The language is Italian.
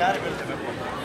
giocare per il tempo.